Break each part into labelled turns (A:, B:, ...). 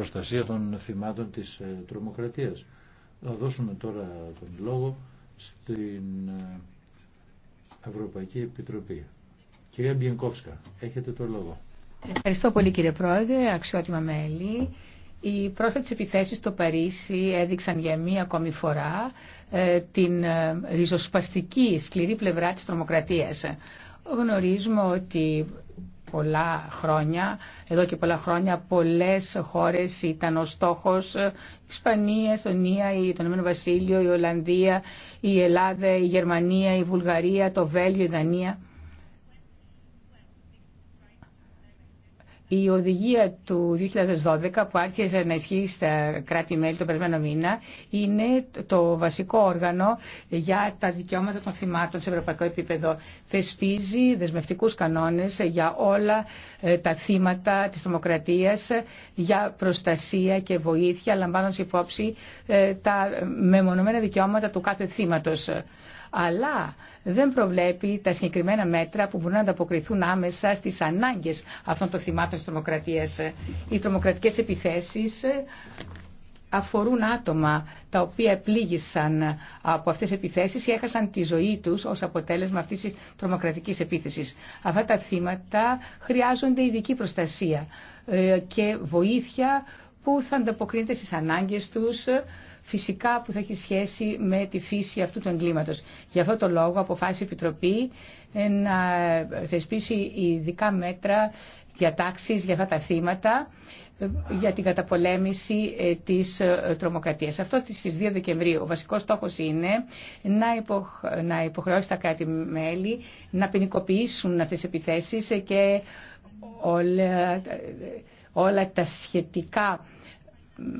A: προστασία των θυμάτων της ε, τρομοκρατίας. Θα δώσουμε τώρα τον λόγο στην ε, Ευρωπαϊκή Επιτροπή. Κυρία Μπιενκόφσκα, έχετε το λόγο.
B: Ευχαριστώ πολύ κύριε Πρόεδρε, αξιότιμα μέλη. Οι πρόσφατες επιθέσεις στο Παρίσι έδειξαν για μία ακόμη φορά ε, την ριζοσπαστική σκληρή πλευρά της τρομοκρατίας. Γνωρίζουμε ότι πολλά χρόνια, εδώ και πολλά χρόνια πολλές χώρες ήταν ο στόχος, η Ισπανία, η Εθνία, η Ηνωμένο Βασίλειο, η Ολλανδία, η Ελλάδα, η Γερμανία, η Βουλγαρία, το Βέλγιο, η Δανία. Η οδηγία του 2012 που άρχισε να ισχύει στα κράτη-μέλη τον περασμένο μήνα είναι το βασικό όργανο για τα δικαιώματα των θυμάτων σε ευρωπαϊκό επίπεδο. Θεσπίζει δεσμευτικούς κανόνες για όλα ε, τα θύματα της δημοκρατίας για προστασία και βοήθεια λαμβάνοντας υπόψη ε, τα μεμονωμένα δικαιώματα του κάθε θύματος αλλά δεν προβλέπει τα συγκεκριμένα μέτρα που μπορούν να ανταποκριθούν άμεσα στις ανάγκες αυτών των θυμάτων της τρομοκρατίας. Οι τρομοκρατικές επιθέσεις αφορούν άτομα τα οποία πλήγησαν από αυτές τις επιθέσεις και έχασαν τη ζωή τους ως αποτέλεσμα αυτής της τρομοκρατικής επίθεσης. Αυτά τα θύματα χρειάζονται ειδική προστασία ε, και βοήθεια που θα ανταποκρίνεται στις ανάγκες τους φυσικά που θα έχει σχέση με τη φύση αυτού του εγκλήματος. Γι' αυτό το λόγο αποφάσισε η Επιτροπή ε, να θεσπίσει ειδικά μέτρα διατάξεις για αυτά τα θύματα ε, για την καταπολέμηση ε, της τρομοκρατίας. Αυτό στις 2 Δεκεμβρίου. Ο βασικός στόχος είναι να υποχρεώσει τα κράτη-μέλη να ποινικοποιήσουν αυτές τις επιθέσεις και όλα, όλα τα σχετικά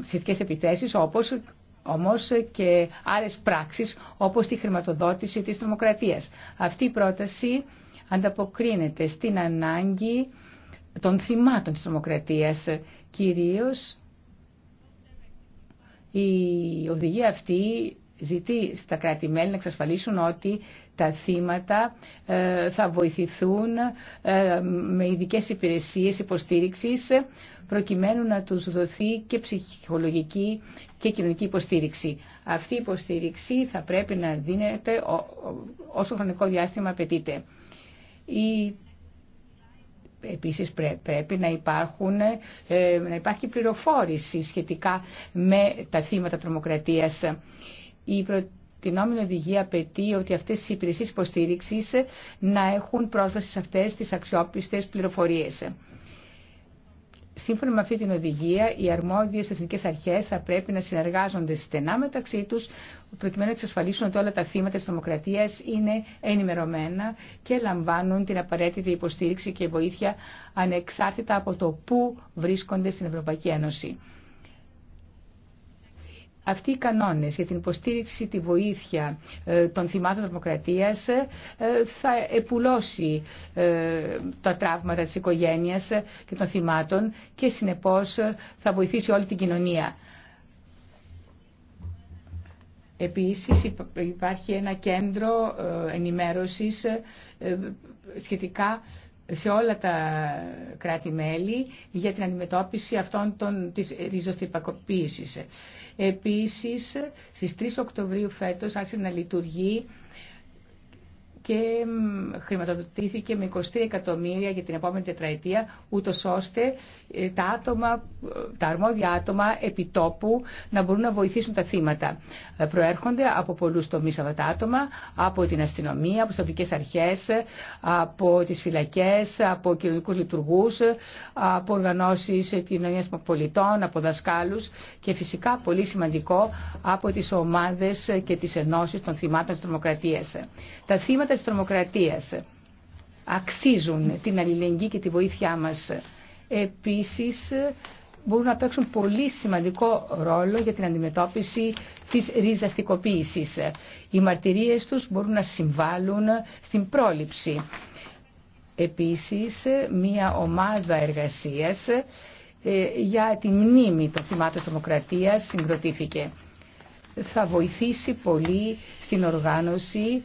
B: σχετικές επιθέσεις όπως όμως και άλλες πράξεις όπως τη χρηματοδότηση της τρομοκρατίας. Αυτή η πρόταση ανταποκρίνεται στην ανάγκη των θυμάτων της τρομοκρατίας, κυρίως η οδηγία αυτή ζητεί στα κράτη-μέλη να εξασφαλίσουν ότι τα θύματα ε, θα βοηθηθούν ε, με ειδικές υπηρεσίες υποστήριξης προκειμένου να τους δοθεί και ψυχολογική και κοινωνική υποστήριξη. Αυτή η υποστήριξη θα πρέπει να δίνεται όσο χρονικό διάστημα απαιτείται. Η Επίσης πρέπει να, υπάρχουν, ε, να υπάρχει πληροφόρηση σχετικά με τα θύματα τρομοκρατίας η προτινόμενη οδηγία απαιτεί ότι αυτέ οι υπηρεσίε υποστήριξη να έχουν πρόσβαση σε αυτέ τι αξιόπιστε πληροφορίε. Σύμφωνα με αυτή την οδηγία, οι αρμόδιες εθνικές αρχές θα πρέπει να συνεργάζονται στενά μεταξύ του, προκειμένου να εξασφαλίσουν ότι όλα τα θύματα τη τρομοκρατία είναι ενημερωμένα και λαμβάνουν την απαραίτητη υποστήριξη και βοήθεια ανεξάρτητα από το πού βρίσκονται στην Ευρωπαϊκή Ένωση αυτοί οι κανόνες για την υποστήριξη, τη βοήθεια ε, των θυμάτων δημοκρατίας ε, θα επουλώσει ε, τα τραύματα της οικογένειας και των θυμάτων και συνεπώς θα βοηθήσει όλη την κοινωνία. Επίσης υπάρχει ένα κέντρο ενημέρωσης σχετικά σε όλα τα κράτη-μέλη για την αντιμετώπιση αυτών των, της ριζοστυπακοποίησης. Επίσης, στις 3 Οκτωβρίου φέτος άρχισε να λειτουργεί και χρηματοδοτήθηκε με 23 εκατομμύρια για την επόμενη τετραετία, ούτω ώστε ε, τα, άτομα, ε, τα αρμόδια άτομα επιτόπου να μπορούν να βοηθήσουν τα θύματα. Ε, προέρχονται από πολλού τομεί αυτά τα άτομα, από την αστυνομία, από τι τοπικέ αρχέ, από τι φυλακέ, από κοινωνικού λειτουργού, από οργανώσει κοινωνία πολιτών, από δασκάλου και φυσικά πολύ σημαντικό από τι ομάδε και τι ενώσει των θυμάτων τη τρομοκρατία. Τα θύματα της Αξίζουν την αλληλεγγύη και τη βοήθειά μας. Επίσης, μπορούν να παίξουν πολύ σημαντικό ρόλο για την αντιμετώπιση της ριζαστικοποίησης. Οι μαρτυρίες τους μπορούν να συμβάλλουν στην πρόληψη. Επίσης, μία ομάδα εργασίας ε, για τη μνήμη των θυμάτων τρομοκρατίας συγκροτήθηκε. Θα βοηθήσει πολύ στην οργάνωση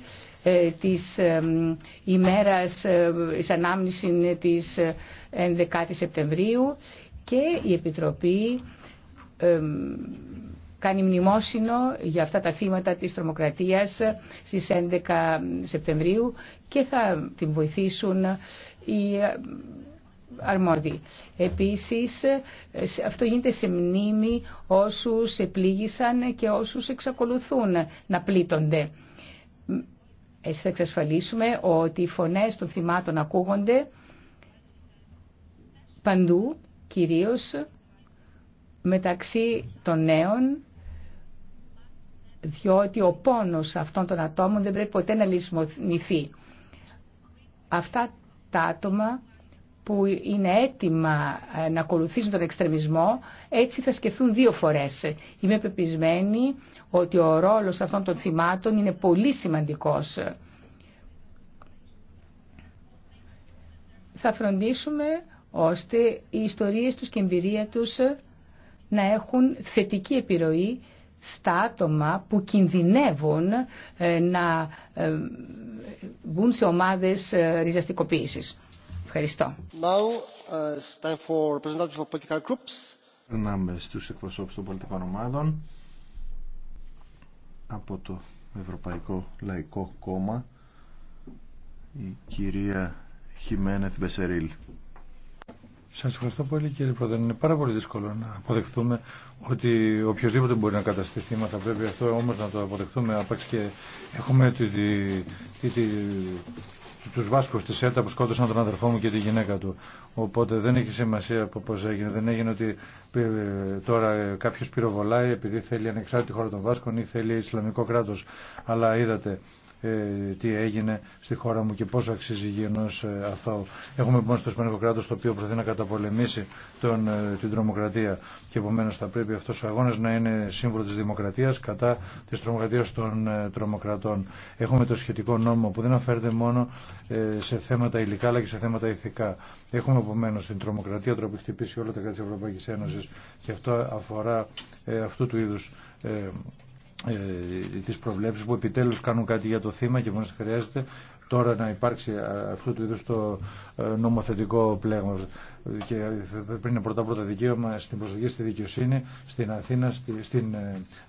B: ε, της ημέρας ε, της ανάμνησης της 11 ε, η Σεπτεμβρίου και η Επιτροπή κάνει μνημόσυνο για αυτά τα θύματα της τρομοκρατίας στις 11 Σεπτεμβρίου και θα την βοηθήσουν οι αρμόδιοι. Επίσης, αυτό γίνεται σε μνήμη όσους επλήγησαν και όσους εξακολουθούν να πλήττονται. Έτσι θα εξασφαλίσουμε ότι οι φωνές των θυμάτων ακούγονται παντού, κυρίως μεταξύ των νέων, διότι ο πόνος αυτών των ατόμων δεν πρέπει ποτέ να λησμονηθεί. Αυτά τα άτομα που είναι έτοιμα ε, να ακολουθήσουν τον εξτρεμισμό, έτσι θα σκεφτούν δύο φορές. Είμαι πεπισμένη ότι ο ρόλος αυτών των θυμάτων είναι πολύ σημαντικός. Θα φροντίσουμε ώστε οι ιστορίες τους και η εμπειρία τους να έχουν θετική επιρροή στα άτομα που κινδυνεύουν ε, να ε, μπουν σε ομάδες ριζαστικοποίησης.
C: Ευχαριστώ. Uh, Περνάμε στου εκπροσώπου των πολιτικών ομάδων από το Ευρωπαϊκό Λαϊκό Κόμμα η κυρία Χιμένεθ Μπεσερίλ. Σα ευχαριστώ πολύ κύριε Πρόεδρε. Είναι πάρα πολύ δύσκολο να αποδεχθούμε
A: ότι οποιοδήποτε μπορεί να καταστηθεί μα θα πρέπει αυτό όμως να το αποδεχθούμε άπαξ και έχουμε τη, τη, τους Βάσκους της ΕΡΤΑ που σκότωσαν τον αδερφό μου και τη γυναίκα του. Οπότε δεν έχει σημασία από πώς έγινε. Δεν έγινε ότι ε, τώρα κάποιος πυροβολάει επειδή θέλει ανεξάρτητη χώρα των Βάσκων ή θέλει Ισλαμικό κράτος. Αλλά είδατε ε, τι έγινε στη χώρα μου και πόσο αξίζει γεγονός ε, αθώο. Έχουμε λοιπόν στο Ισπανικό κράτο το οποίο προθεί να καταπολεμήσει τον, ε, την τρομοκρατία και επομένω θα πρέπει αυτό ο αγώνα να είναι σύμβολο τη δημοκρατία κατά τη τρομοκρατία των τρομοκρατών. Έχουμε το σχετικό νόμο που δεν αναφέρεται μόνο σε θέματα υλικά αλλά και σε θέματα ηθικά. Έχουμε επομένω την τρομοκρατία που χτυπήσει όλα τα κράτη τη Ευρωπαϊκή Ένωση και αυτό αφορά αυτού του είδου ε, τις προβλέψεις που επιτέλους κάνουν κάτι για το θύμα και μόνος χρειάζεται τώρα να υπάρξει ε, αυτού του είδους το ε, νομοθετικό πλέγμα και πριν πρώτα πρώτα δικαίωμα στην προσοχή στη δικαιοσύνη, στην Αθήνα, στην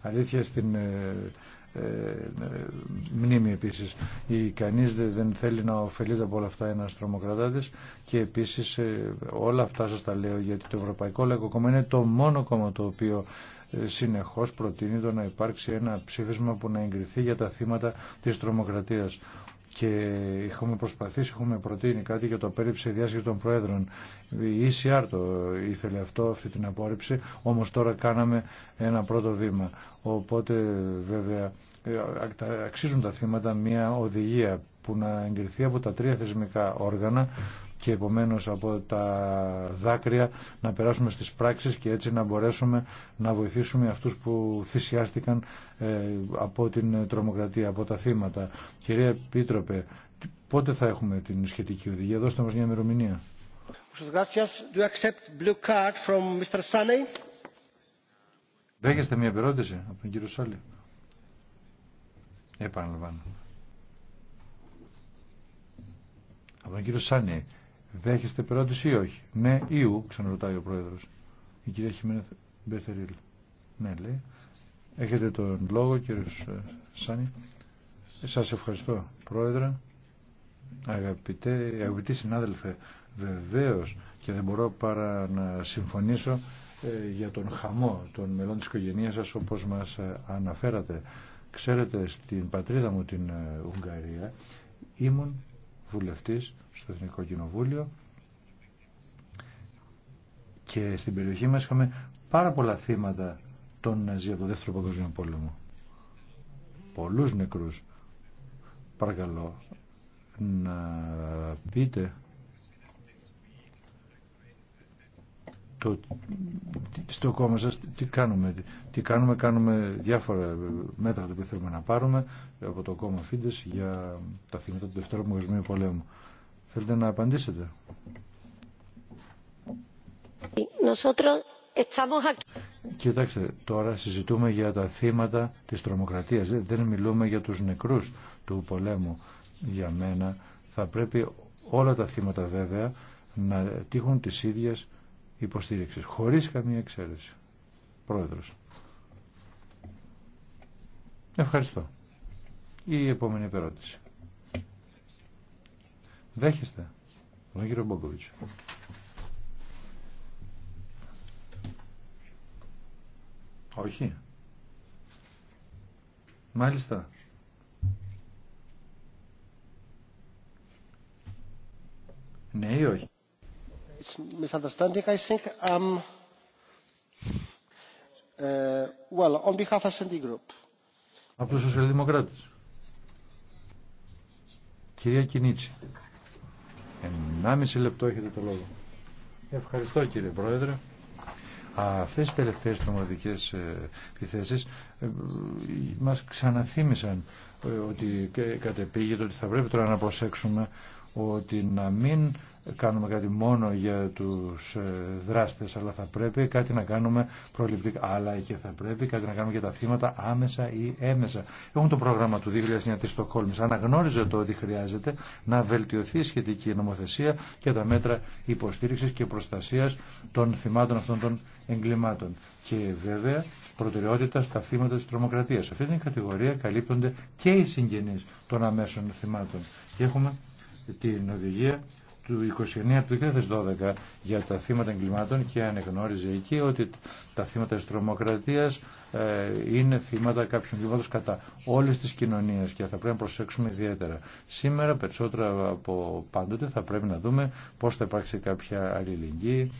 A: αλήθεια, στην μνήμη επίσης. Η κανείς δεν θέλει να ωφελείται από όλα αυτά ένας τρομοκρατάτης και επίσης όλα αυτά σας τα λέω γιατί το Ευρωπαϊκό Λαϊκό Κόμμα είναι το μόνο κόμμα το οποίο συνεχώς προτείνει το να υπάρξει ένα ψήφισμα που να εγκριθεί για τα θύματα της τρομοκρατίας. Και έχουμε προσπαθήσει, έχουμε προτείνει κάτι για το πέριψη διάσκεψη των Προέδρων. Η ECR το ήθελε αυτό, αυτή την απόρριψη, όμως τώρα κάναμε ένα πρώτο βήμα. Οπότε βέβαια ε, αξίζουν τα θύματα μια οδηγία που να εγκριθεί από τα τρία θεσμικά όργανα και επομένως από τα δάκρυα να περάσουμε στις πράξεις και έτσι να μπορέσουμε να βοηθήσουμε αυτούς που θυσιάστηκαν ε, από την τρομοκρατία, από τα θύματα. Κυρία Επίτροπε, πότε θα έχουμε την σχετική οδηγία. Δώστε μας μια ημερομηνία. Δέχεστε μια περώτηση από τον κύριο Σάλη. Επαναλαμβάνω. Από τον κύριο Σάνι. Δέχεστε περώτηση ή όχι. Ναι ή ου, ξαναρωτάει ο πρόεδρος. Η κυρία Χιμένεθ Μπεθερίλ. Ναι, λέει. κυρια χιμενα μπεθεριλ ναι λεει εχετε τον λόγο, κύριε Σάνι. Σας ευχαριστώ, πρόεδρε. Αγαπητέ, αγαπητοί συνάδελφε, βεβαίως και δεν μπορώ παρά να συμφωνήσω ε, για τον χαμό των μελών της οικογένειας σας όπως μας ε, αναφέρατε. Ξέρετε, στην πατρίδα μου την ε, Ουγγαρία ήμουν βουλευτής στο Εθνικό Κοινοβούλιο και στην περιοχή μας είχαμε πάρα πολλά θύματα των Ναζί από το Δεύτερο Παγκόσμιο Πόλεμο. Πολλούς νεκρούς. Παρακαλώ να πείτε στο κόμμα σας τι κάνουμε. Τι κάνουμε, κάνουμε διάφορα μέτρα τα οποία θέλουμε να πάρουμε από το κόμμα Φίντες για τα θύματα του Δευτέρου Πολέμου. Θέλετε να απαντήσετε. Κοιτάξτε, τώρα συζητούμε για τα θύματα της τρομοκρατίας. Δεν μιλούμε για τους νεκρούς του πολέμου. Για μένα θα πρέπει όλα τα θύματα βέβαια να τύχουν τις ίδιες υποστήριξης, χωρίς καμία εξαίρεση. Πρόεδρος. Ευχαριστώ. Η επόμενη ερώτηση. Δέχεστε τον κύριο Μπόγκοβιτ. Όχι. Μάλιστα. Ναι ή όχι
D: it's misunderstanding i um, uh,
A: Από τους Κυρία Κινίτση. Ενάμιση λεπτό έχετε το λόγο. Ευχαριστώ κύριε Πρόεδρε. Αυτές οι τελευταίες τρομαδικές ε, επιθέσεις ε, μας ξαναθύμισαν ε, ότι κατεπήγεται ότι θα πρέπει τώρα να προσέξουμε ότι να μην κάνουμε κάτι μόνο για τους ε, δράστες, αλλά θα πρέπει κάτι να κάνουμε προληπτικά. Αλλά και θα πρέπει κάτι να κάνουμε για τα θύματα άμεσα ή έμεσα. Έχουμε το πρόγραμμα του 2009 της Στοκόλμης. Αναγνώριζε το ότι χρειάζεται να βελτιωθεί η σχετική νομοθεσία και τα μέτρα υποστήριξης και προστασίας των θυμάτων αυτών των εγκλημάτων. Και βέβαια προτεραιότητα στα θύματα της τρομοκρατίας. Σε αυτή την κατηγορία καλύπτονται και οι συγγενείς των αμέσων θυμάτων. Και έχουμε την οδηγία του 29 του 2012 για τα θύματα εγκλημάτων και ανεγνώριζε εκεί ότι τα θύματα της τρομοκρατίας ε, είναι θύματα κάποιων εγκλημάτων κατά όλες τις κοινωνίες και θα πρέπει να προσέξουμε ιδιαίτερα. Σήμερα περισσότερα από πάντοτε θα πρέπει να δούμε πώς θα υπάρξει κάποια αλληλεγγύη,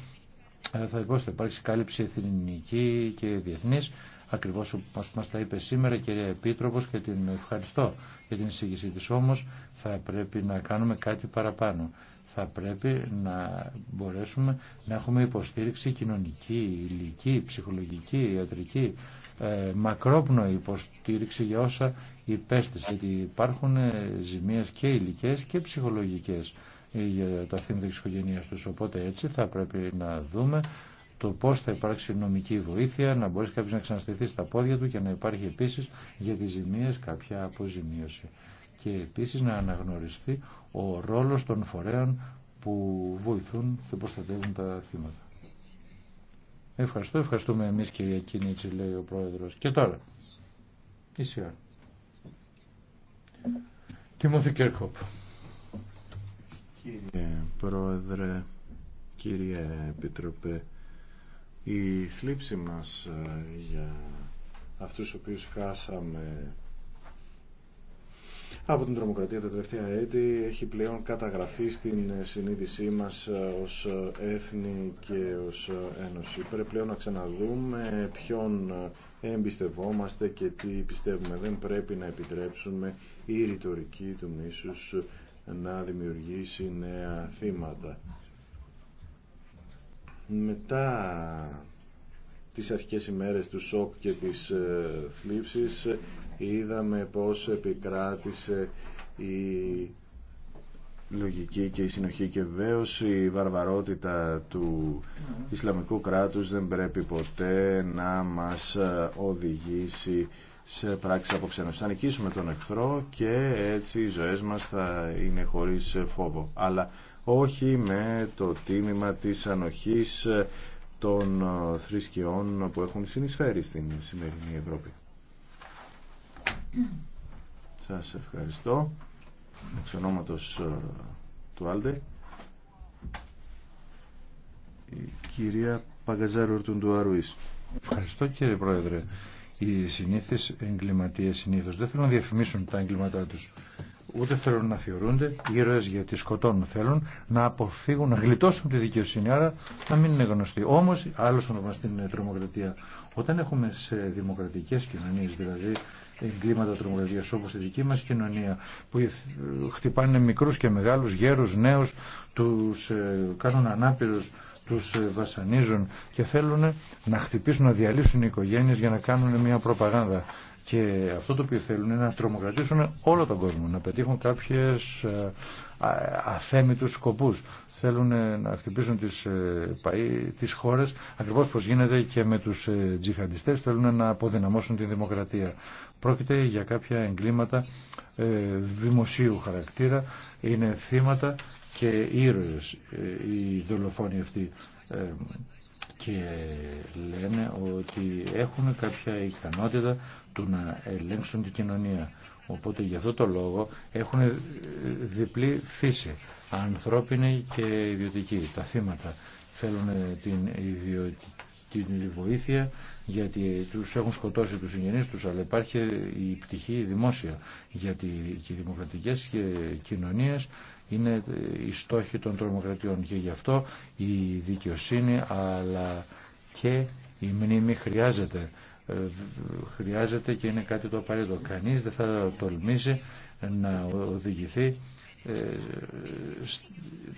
A: ε, θα, πώς θα υπάρξει κάλυψη εθνική και διεθνής ακριβώς όπω μας τα είπε σήμερα η κυρία Επίτροπος και την ευχαριστώ για την εισήγησή τη όμως θα πρέπει να κάνουμε κάτι παραπάνω θα πρέπει να μπορέσουμε να έχουμε υποστήριξη κοινωνική, υλική, ψυχολογική, ιατρική, ε, μακρόπνοη υποστήριξη για όσα υπέστησε. Γιατί υπάρχουν ε, ζημίες και υλικέ και ψυχολογικές ε, για τα θύματα της οικογένειας τους. Οπότε έτσι θα πρέπει να δούμε το πώς θα υπάρξει νομική βοήθεια, να μπορεί κάποιος να ξαναστηθεί στα πόδια του και να υπάρχει επίση για τι ζημίες κάποια αποζημίωση και επίσης να αναγνωριστεί ο ρόλος των φορέων που βοηθούν και προστατεύουν τα θύματα. Ευχαριστώ, ευχαριστούμε εμείς κυρία Κίνητση, λέει ο Πρόεδρος. Και τώρα, η σειρά. Τιμώθη Κέρκοπ. Κύριε
C: Πρόεδρε, κύριε Επιτροπέ, η θλίψη μας ε, για αυτούς οποίους χάσαμε από την τρομοκρατία τα τελευταία έτη έχει πλέον καταγραφεί στην συνείδησή μας ε, ως ε, έθνη και ως ε, ένωση. Πρέπει πλέον να ξαναδούμε ποιον εμπιστευόμαστε και τι πιστεύουμε. Δεν πρέπει να επιτρέψουμε η ρητορική του μίσους να δημιουργήσει νέα θύματα. Μετά τις αρχικές ημέρες του σοκ και της θλίψης είδαμε πώς επικράτησε η λογική και η συνοχή και βεβαίω η βαρβαρότητα του Ισλαμικού κράτους δεν πρέπει ποτέ να μας οδηγήσει σε πράξεις ξένος. Θα νικήσουμε τον εχθρό και έτσι οι ζωές μας θα είναι χωρίς φόβο. Αλλά όχι με το τίμημα της ανοχής των θρησκειών που έχουν συνεισφέρει στην σημερινή Ευρώπη. Σας ευχαριστώ. Εξ ονόματος ε, του Άλντε. Η κυρία Παγκαζάρου Ορτουντουαρουής.
A: Ευχαριστώ κύριε Πρόεδρε οι συνήθεις εγκληματίες συνήθως. Δεν θέλουν να διαφημίσουν τα εγκλήματά τους. Ούτε θέλουν να θεωρούνται ήρωες γιατί σκοτώνουν. Θέλουν να αποφύγουν, να γλιτώσουν τη δικαιοσύνη, άρα να μην είναι γνωστοί. Όμως, άλλος ονομαστή είναι τρομοκρατία. Όταν έχουμε σε δημοκρατικές κοινωνίες, δηλαδή εγκλήματα τρομοκρατίας όπως η δική μας κοινωνία, που ε, χτυπάνε μικρούς και μεγάλους, γέρους, νέους, τους ε, κάνουν ανάπηρους, τους ε, βασανίζουν και θέλουν να χτυπήσουν, να διαλύσουν οι οικογένειες για να κάνουν μια προπαγάνδα. Και αυτό το οποίο θέλουν είναι να τρομοκρατήσουν όλο τον κόσμο, να πετύχουν κάποιες ε, αθέμητους σκοπούς. Θέλουν ε, να χτυπήσουν τις, τις χώρες, ακριβώς πως γίνεται και με τους τζιχαντιστές, θέλουν να αποδυναμώσουν τη δημοκρατία. Πρόκειται για κάποια εγκλήματα δημοσίου χαρακτήρα, είναι θύματα και ήρωες οι ε, δολοφόνοι αυτοί ε, και λένε ότι έχουν κάποια ικανότητα του να ελέγξουν την κοινωνία. Οπότε για αυτό το λόγο έχουν ε, διπλή φύση, ανθρώπινη και ιδιωτική. Τα θύματα θέλουν την ιδιωτική την βοήθεια γιατί τους έχουν σκοτώσει τους συγγενείς τους αλλά υπάρχει η πτυχή δημόσια γιατί και οι δημοκρατικές και κοινωνίες είναι οι στόχοι των τρομοκρατιών και γι' αυτό η δικαιοσύνη αλλά και η μνήμη χρειάζεται ε, χρειάζεται και είναι κάτι το απαραίτητο. Κανείς δεν θα τολμήσει να οδηγηθεί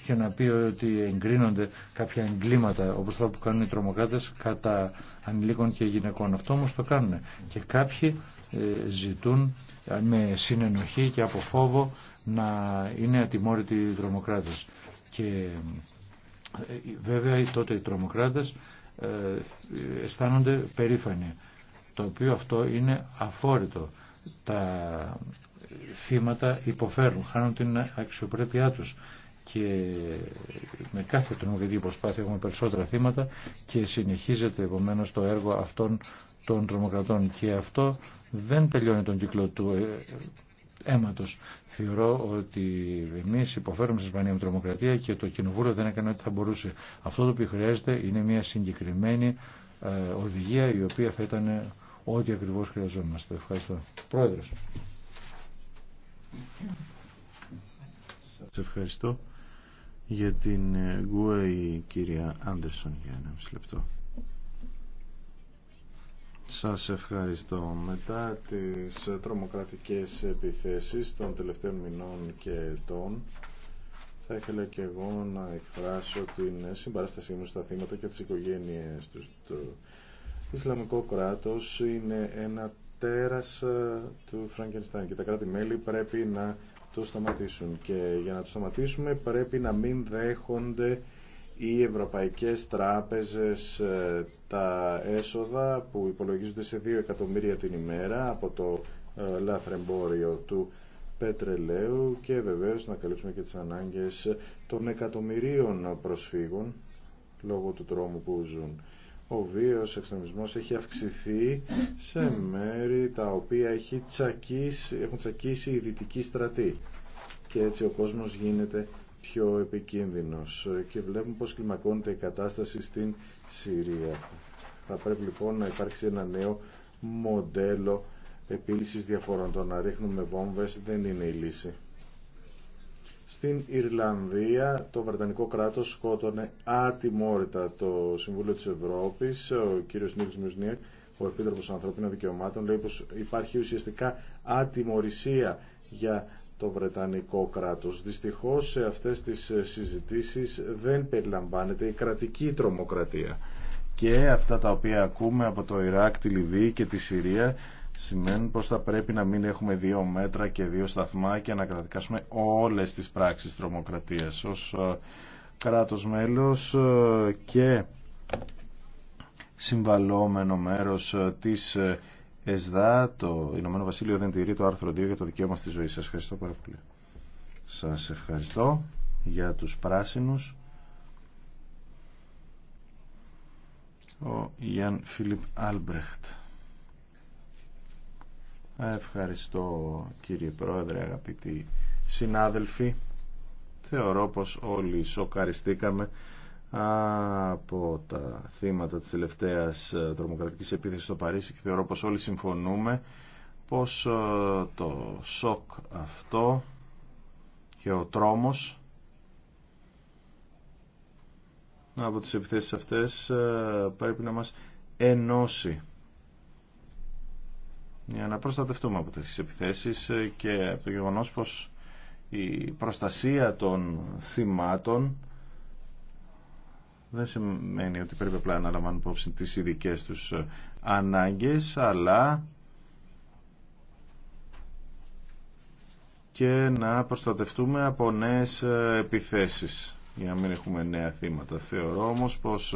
A: και ε, να πει ότι εγκρίνονται κάποια εγκλήματα όπως το που κάνουν οι τρομοκράτες κατά ανηλίκων και γυναικών. Αυτό όμως το κάνουν και κάποιοι ε, ζητούν ε, με συνενοχή και από φόβο να είναι ατιμόρυτοι οι τρομοκράτες. Και βέβαια τότε οι τρομοκράτες αισθάνονται περήφανοι το οποίο αυτό είναι αφόρητο. Τα θύματα υποφέρουν, χάνουν την αξιοπρέπειά τους και με κάθε τρομοκρατική προσπάθεια έχουμε περισσότερα θύματα και συνεχίζεται επομένω το έργο αυτών των τρομοκρατών και αυτό δεν τελειώνει τον κύκλο του ε, αίματος. Θεωρώ ότι εμείς υποφέρουμε στην Ισπανία με τρομοκρατία και το Κοινοβούλιο δεν έκανε ό,τι θα μπορούσε. Αυτό το οποίο χρειάζεται είναι μια συγκεκριμένη ε, οδηγία η οποία θα ήταν ό,τι ακριβώς χρειαζόμαστε. Ευχαριστώ. Πρόεδρος.
C: Σας ευχαριστώ για την ε, η κυρία Άντερσον για ένα μισή λεπτό. Σας ευχαριστώ. Μετά τις ε, τρομοκρατικές επιθέσεις των τελευταίων μηνών και ετών θα ήθελα και εγώ να εκφράσω την συμπαράστασή μου στα θύματα και τις οικογένειες του Το Ισλαμικό κράτος είναι ένα τέρας ε, του Φραγκενστάιν και τα κράτη-μέλη πρέπει να το σταματήσουν και για να το σταματήσουμε πρέπει να μην δέχονται οι ευρωπαϊκές τράπεζες ε, τα έσοδα που υπολογίζονται σε 2 εκατομμύρια την ημέρα από το ε, λαθρεμπόριο του πετρελαίου και βεβαίως να καλύψουμε και τις ανάγκες των εκατομμυρίων προσφύγων λόγω του τρόμου που ζουν ο βίος εξτρεμισμός έχει αυξηθεί σε μέρη τα οποία έχει τσακίσει, έχουν τσακίσει οι δυτικοί στρατοί και έτσι ο κόσμος γίνεται πιο επικίνδυνος και βλέπουμε πως κλιμακώνεται η κατάσταση στην Συρία. Θα πρέπει λοιπόν να υπάρξει ένα νέο μοντέλο επίλυσης διαφορών. Το να ρίχνουμε βόμβες δεν είναι η λύση. Στην Ιρλανδία το Βρετανικό κράτος σκότωνε ατιμόρυτα το Συμβούλιο της Ευρώπης, ο κύριος Νίκος Μιουσνιέκ, ο Επίτροπος Ανθρωπίνων Δικαιωμάτων, λέει πως υπάρχει ουσιαστικά ατιμορρησία για το Βρετανικό κράτος. Δυστυχώς σε αυτές τις συζητήσεις δεν περιλαμβάνεται η κρατική τρομοκρατία. Και αυτά τα οποία ακούμε από το Ιράκ, τη Λιβύη και τη Συρία Σημαίνει πως θα πρέπει να μην έχουμε δύο μέτρα και δύο σταθμά και να καταδικάσουμε όλες τις πράξεις τρομοκρατίας ως ε, κράτος μέλος ε, και συμβαλόμενο μέρος ε, της ΕΣΔΑ το Ηνωμένο Βασίλειο δεν τηρεί το άρθρο 2 για το δικαίωμα στη ζωή σας ευχαριστώ πάρα πολύ σας ευχαριστώ για τους πράσινους ο Ιαν Φίλιπ Άλμπρεχτ Ευχαριστώ κύριε Πρόεδρε, αγαπητοί συνάδελφοι. Θεωρώ πως όλοι σοκαριστήκαμε από τα θύματα της τελευταίας τρομοκρατικής επίθεσης στο Παρίσι και θεωρώ πως όλοι συμφωνούμε πως ε, το σοκ αυτό και ο τρόμος από τις επιθέσεις αυτές ε, πρέπει να μας ενώσει για να προστατευτούμε από τις επιθέσεις ε, και από το γεγονός πως η προστασία των θυμάτων δεν σημαίνει ότι πρέπει απλά να λαμβάνουν υπόψη τις ειδικέ τους ε, ανάγκες αλλά και να προστατευτούμε από νέες ε, επιθέσεις για να μην έχουμε νέα θύματα. Θεωρώ όμως πως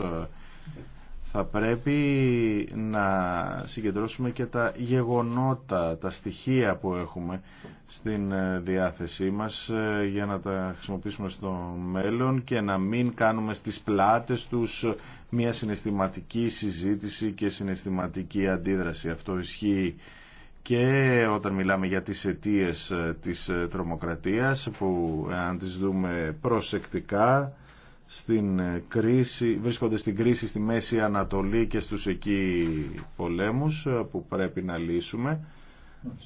C: θα πρέπει να συγκεντρώσουμε και τα γεγονότα, τα στοιχεία που έχουμε στην ε, διάθεσή μας ε, για να τα χρησιμοποιήσουμε στο μέλλον και να μην κάνουμε στις πλάτες τους μια συναισθηματική συζήτηση και συναισθηματική αντίδραση. Αυτό ισχύει και όταν μιλάμε για τις αιτίες ε, της τρομοκρατίας που αν τις δούμε προσεκτικά στην ε, κρίση, βρίσκονται στην κρίση στη Μέση Ανατολή και στους εκεί πολέμους ε, που πρέπει να λύσουμε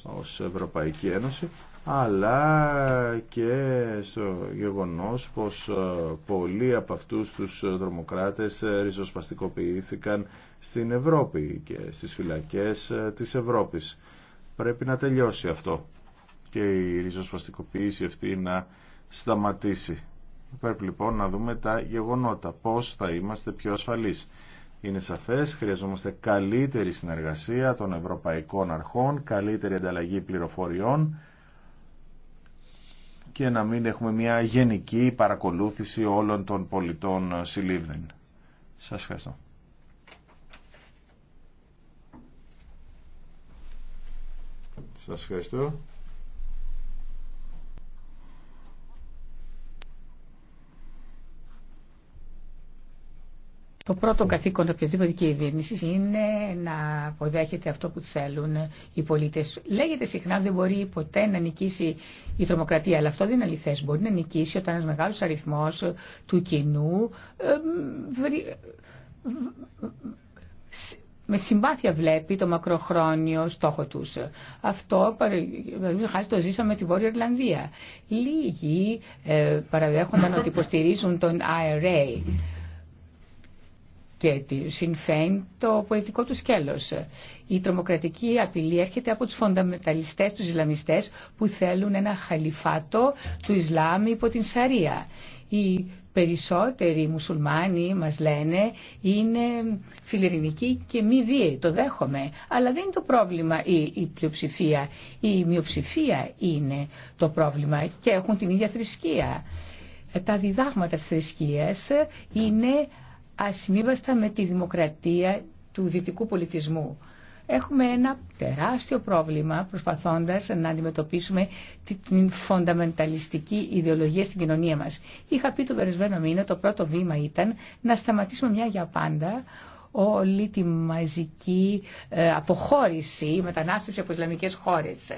C: ως Ευρωπαϊκή Ένωση αλλά και στο γεγονός πως ε, πολλοί από αυτούς τους δρομοκράτες ριζοσπαστικοποιήθηκαν στην Ευρώπη και στις φυλακές της Ευρώπης. Πρέπει να τελειώσει αυτό και η ριζοσπαστικοποίηση αυτή να σταματήσει. Πρέπει λοιπόν να δούμε τα γεγονότα, πώς θα είμαστε πιο ασφαλείς. Είναι σαφές, χρειαζόμαστε καλύτερη συνεργασία των ευρωπαϊκών αρχών, καλύτερη ανταλλαγή πληροφοριών και να μην έχουμε μια γενική παρακολούθηση όλων των πολιτών συλλήβδεν. Σας ευχαριστώ. Σας ευχαριστώ.
B: Το πρώτο καθήκον οποιοδήποτε κυβέρνηση είναι να αποδέχεται αυτό που θέλουν οι πολίτε. Λέγεται συχνά δεν μπορεί ποτέ να νικήσει η τρομοκρατία, αλλά αυτό δεν είναι αληθέ. Μπορεί να νικήσει όταν ένα μεγάλο αριθμό του κοινού ε, με συμπάθεια βλέπει το μακροχρόνιο στόχο τους. Αυτό χάρη το ζήσαμε τη Βόρεια Ιρλανδία. Λίγοι ε, παραδέχονταν ότι υποστηρίζουν τον IRA και τη το πολιτικό του σκέλος. Η τρομοκρατική απειλή έρχεται από τους φονταμεταλιστές, τους Ισλαμιστές που θέλουν ένα χαλιφάτο του Ισλάμ υπό την Σαρία. Οι περισσότεροι μουσουλμάνοι μας λένε είναι φιλερινικοί και μη βίαιοι, το δέχομαι. Αλλά δεν είναι το πρόβλημα η, η πλειοψηφία, η μειοψηφία είναι το πρόβλημα και έχουν την ίδια θρησκεία. Τα διδάγματα της θρησκείας είναι ασυμίβαστα με τη δημοκρατία του δυτικού πολιτισμού. Έχουμε ένα τεράστιο πρόβλημα προσπαθώντας να αντιμετωπίσουμε την φονταμενταλιστική ιδεολογία στην κοινωνία μας. Είχα πει το περισμένο μήνα το πρώτο βήμα ήταν να σταματήσουμε μια για πάντα όλη τη μαζική ε, αποχώρηση, μετανάστευση από Ισλαμικές χώρες.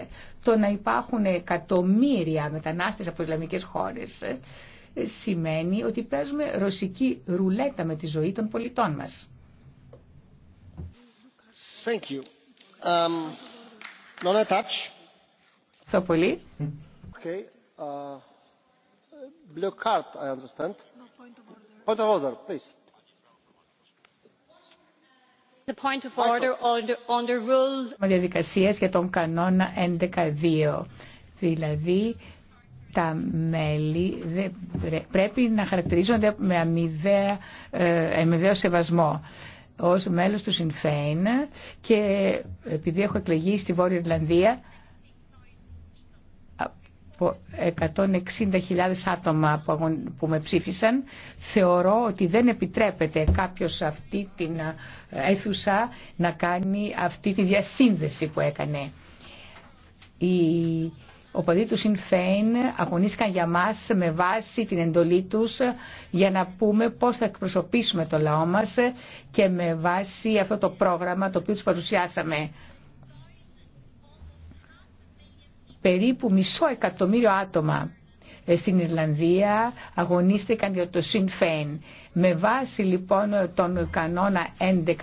B: Το να υπάρχουν εκατομμύρια μετανάστες από Ισλαμικές χώρες ε, σημαίνει ότι παίζουμε ρωσική ρουλέτα με τη ζωή των πολιτών μας.
D: Thank you. Um, so πολύ. Okay. Uh, blue card, I understand. Point of order, please.
E: The point of order
B: on the, on the rule. Διαδικασίες για τον κανόνα 11.2. Δηλαδή, τα μέλη πρέπει να χαρακτηρίζονται με ε, αμοιβαίο σεβασμό ως μέλος του Συνφέιν και επειδή έχω εκλεγεί στη Βόρεια Ιρλανδία από 160.000 άτομα που με ψήφισαν θεωρώ ότι δεν επιτρέπεται κάποιος αυτή την ε, αίθουσα να κάνει αυτή τη διασύνδεση που έκανε. Η ο τους του Σιν αγωνίστηκαν για μα με βάση την εντολή τους για να πούμε πώς θα εκπροσωπήσουμε το λαό μας και με βάση αυτό το πρόγραμμα το οποίο του παρουσιάσαμε. Περίπου μισό εκατομμύριο άτομα ε, στην Ιρλανδία αγωνίστηκαν για το Sinn Féin. Με βάση λοιπόν τον κανόνα 11.2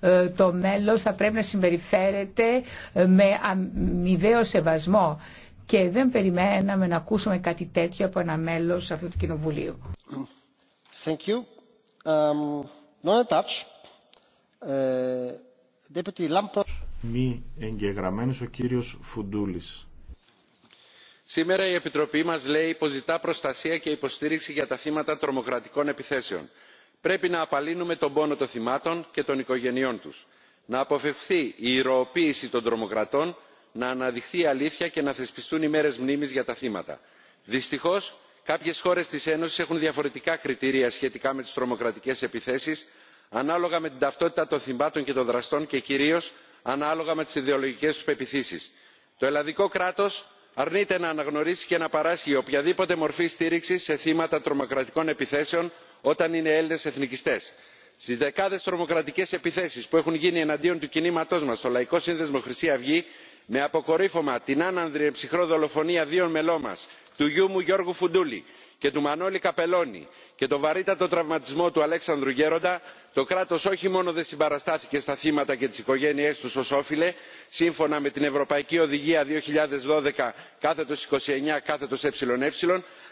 B: ε, το μέλος θα πρέπει να συμπεριφέρεται ε, με αμοιβαίο σεβασμό και δεν περιμέναμε να ακούσουμε κάτι τέτοιο από ένα μέλος αυτού του Κοινοβουλίου.
D: Thank you. Um,
C: Μη εγγεγραμμένος ο κύριος Φουντούλης
F: σήμερα η επιτροπή μας λέει πως ζητά προστασία και υποστήριξη για τα θύματα τρομοκρατικών επιθέσεων. πρέπει να απαλύνουμε τον πόνο των θυμάτων και των οικογενειών τους να αποφευθεί η ηρωοποίηση των τρομοκρατών να αναδειχθεί η αλήθεια και να θεσπιστούν ημέρες μνήμης για τα θύματα. δυστυχώς κάποιες χώρες της ένωσης έχουν διαφορετικά κριτήρια σχετικά με τις τρομοκρατικές επιθέσεις ανάλογα με την ταυτότητα των θυμάτων και των δραστών και κυρίω ανάλογα με τις ιδεολογικέ του το ελλαδικό κράτος αρνείται να αναγνωρίσει και να παράσχει οποιαδήποτε μορφή στήριξη σε θύματα τρομοκρατικών επιθέσεων όταν είναι έλληνες εθνικιστές. στις δεκάδες τρομοκρατικές επιθέσεις που έχουν γίνει εναντίον του κινήματός μας στο λαϊκό σύνδεσμο χρυσή αυγή με αποκορύφωμα την άνανδρη ψυχρό δύο μελών μας του γιου μου γιώργου φουντούλη και του μανώλη καπελώνη και τον βαρύτατο τραυματισμό του αλέξανδρου γέροντα το κράτος όχι μόνο δεν συμπαραστάθηκε στα θύματα και τις οικογένειές του ως όφιλε σύμφωνα με την ευρωπαϊκή οδηγία δύο χιλιάδες δώδεκα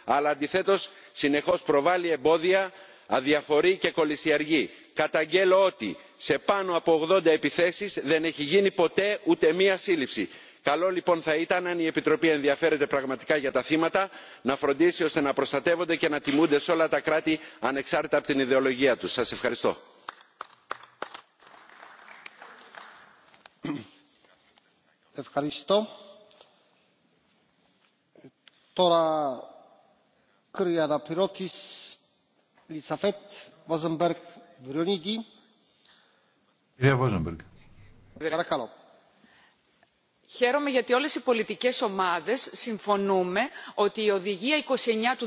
F: αλλά αντιθέτως συνεχώς προβάλλει εμπόδια αδιαφορεί και κολυσιεργεί. καταγγέλλω ότι σε πάνω από ογδόντα επιθέσεις δεν έχει γίνει ποτέ ούτε μία σύλληψη καλό λοιπόν θα ήταν αν η επιτροπή ενδιαφέρεται πραγματικά για τα θύματα να φροντίσει ώστε να προστατεύονται και να τιμούνται σε όλα τα κράτη ανεξάρτητα από την ιδεολογία τους. σας ευχαριστώ.
D: ευχαριστώ. Τώρα, κυρία Βαζενμπεργκ, Βαζενμπεργκ
G: χαίρομαι γιατί όλες οι πολιτικές ομάδες συμφωνούμε ότι η οδηγία 29 του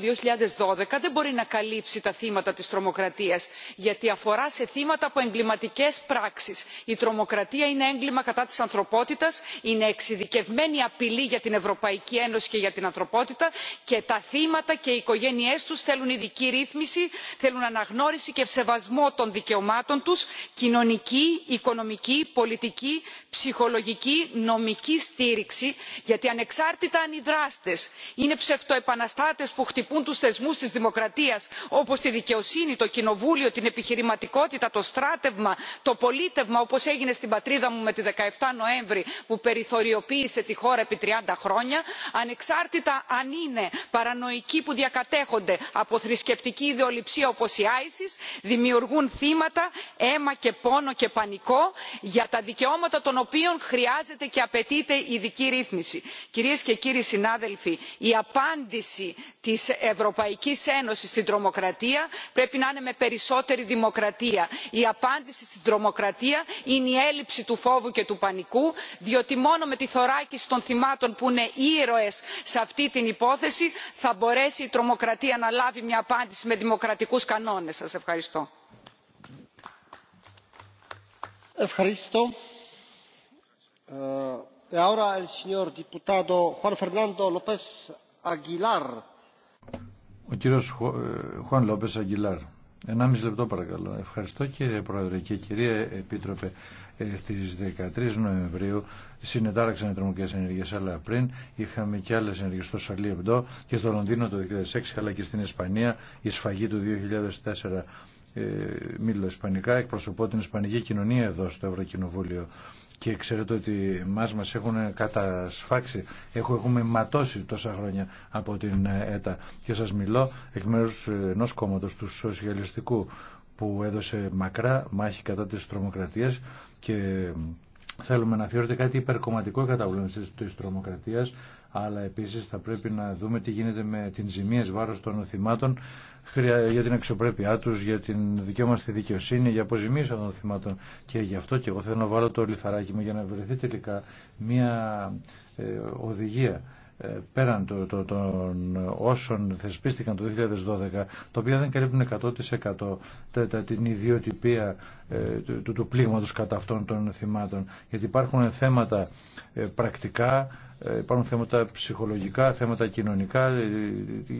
G: 2012 δεν μπορεί να καλύψει τα θύματα της τρομοκρατίας γιατί αφορά σε θύματα από εγκληματικές πράξεις. Η τρομοκρατία είναι έγκλημα κατά της ανθρωπότητας, είναι εξειδικευμένη απειλή για την Ευρωπαϊκή Ένωση και για την ανθρωπότητα και τα θύματα και οι οικογένειές τους θέλουν ειδική ρύθμιση, θέλουν αναγνώριση και σεβασμό των δικαιωμάτων τους, κοινωνική, οικονομική, πολιτική, ψυχολογική, νομική στήριξη γιατί ανεξάρτητα αν οι δράστες είναι ψευτοεπαναστάτες που χτυπούν τους θεσμούς της δημοκρατίας όπως τη δικαιοσύνη το κοινοβούλιο την επιχειρηματικότητα το στράτευμα το πολίτευμα όπως έγινε στην πατρίδα μου με τη 17 Νοέμβρη που περιθωριοποίησε τη χώρα επί 30 χρόνια ανεξάρτητα αν είναι παρανοϊκοί που διακατέχονται από θρησκευτική ιδεοληψία όπως η Άισις δημιουργούν θύματα αίμα και πόνο και πανικό για τα δικαιώματα των οποίων χρειάζεται και απαιτεί η ειδική ρύθμιση. κυρίες και κύριοι συνάδελφοι η απάντηση της ευρωπαϊκής ένωσης στην τρομοκρατία πρέπει να είναι με περισσότερη δημοκρατία. η απάντηση στην τρομοκρατία είναι η έλλειψη του φόβου και του πανικού διότι μόνο με τη θωράκιση των θυμάτων που είναι ήρωες σε αυτή την υπόθεση θα μπορέσει η τρομοκρατία να λάβει μια απάντηση με δημοκρατικούς κανόνες. σας ευχαριστώ.
D: ευχαριστώ. Ε, E
A: Ο κύριος Χουάν Λόπες Αγγιλάρ. μισή λεπτό παρακαλώ. Ευχαριστώ κύριε Πρόεδρε και κυρία Επίτροπε. Ε, στις 13 Νοεμβρίου συνετάραξαν οι τρομοκές ενέργειε, αλλά πριν είχαμε και άλλε ενέργειε στο Σαλί και στο Λονδίνο το 2006, αλλά και στην Ισπανία η σφαγή του 2004 ε, μίλω ισπανικά, εκπροσωπώ την ισπανική κοινωνία εδώ στο Ευρωκοινοβούλιο και ξέρετε ότι εμά μας έχουν κατασφάξει, έχουμε ματώσει τόσα χρόνια από την ΕΤΑ και σας μιλώ εκ μέρους ενός κόμματος του Σοσιαλιστικού που έδωσε μακρά μάχη κατά της τρομοκρατίας και θέλουμε να θεωρείται κάτι υπερκομματικό κατά της τρομοκρατίας αλλά επίσης θα πρέπει να δούμε τι γίνεται με την ζημία βάρος των θυμάτων για την αξιοπρέπειά τους, για την δικαίωμα στη δικαιοσύνη, για αποζημίωση των θυμάτων. Και γι' αυτό και εγώ θέλω να βάλω το λιθαράκι μου για να βρεθεί τελικά μια ε, οδηγία ε, πέραν των όσων θεσπίστηκαν το 2012, τα οποία δεν καλύπτουν 100% την ιδιοτυπία ε, του πλήγματος κατά αυτών των θυμάτων. Γιατί υπάρχουν θέματα ε, πρακτικά, υπάρχουν θέματα ψυχολογικά, θέματα κοινωνικά,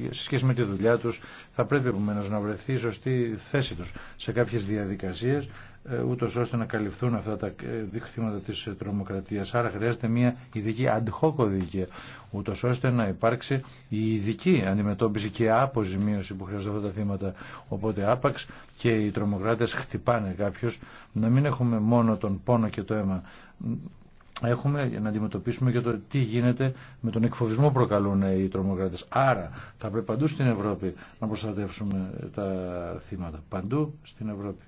A: σε σχέση με τη δουλειά τους. Θα πρέπει επομένως να βρεθεί η σωστή θέση τους σε κάποιες διαδικασίες ε, ούτω ώστε να καλυφθούν αυτά τα χτήματα ε, της ε, τρομοκρατίας. Άρα χρειάζεται μια ειδική ad hoc οδηγία, ώστε να υπάρξει η ειδική αντιμετώπιση και αποζημίωση που χρειάζονται αυτά τα θύματα. Οπότε άπαξ και οι τρομοκράτες χτυπάνε κάποιους, να μην έχουμε μόνο τον πόνο και το αίμα. Έχουμε να αντιμετωπίσουμε και το τι γίνεται με τον εκφοβισμό που προκαλούν οι τρομοκράτες. Άρα θα πρέπει παντού στην Ευρώπη να προστατεύσουμε τα θύματα. Παντού στην Ευρώπη.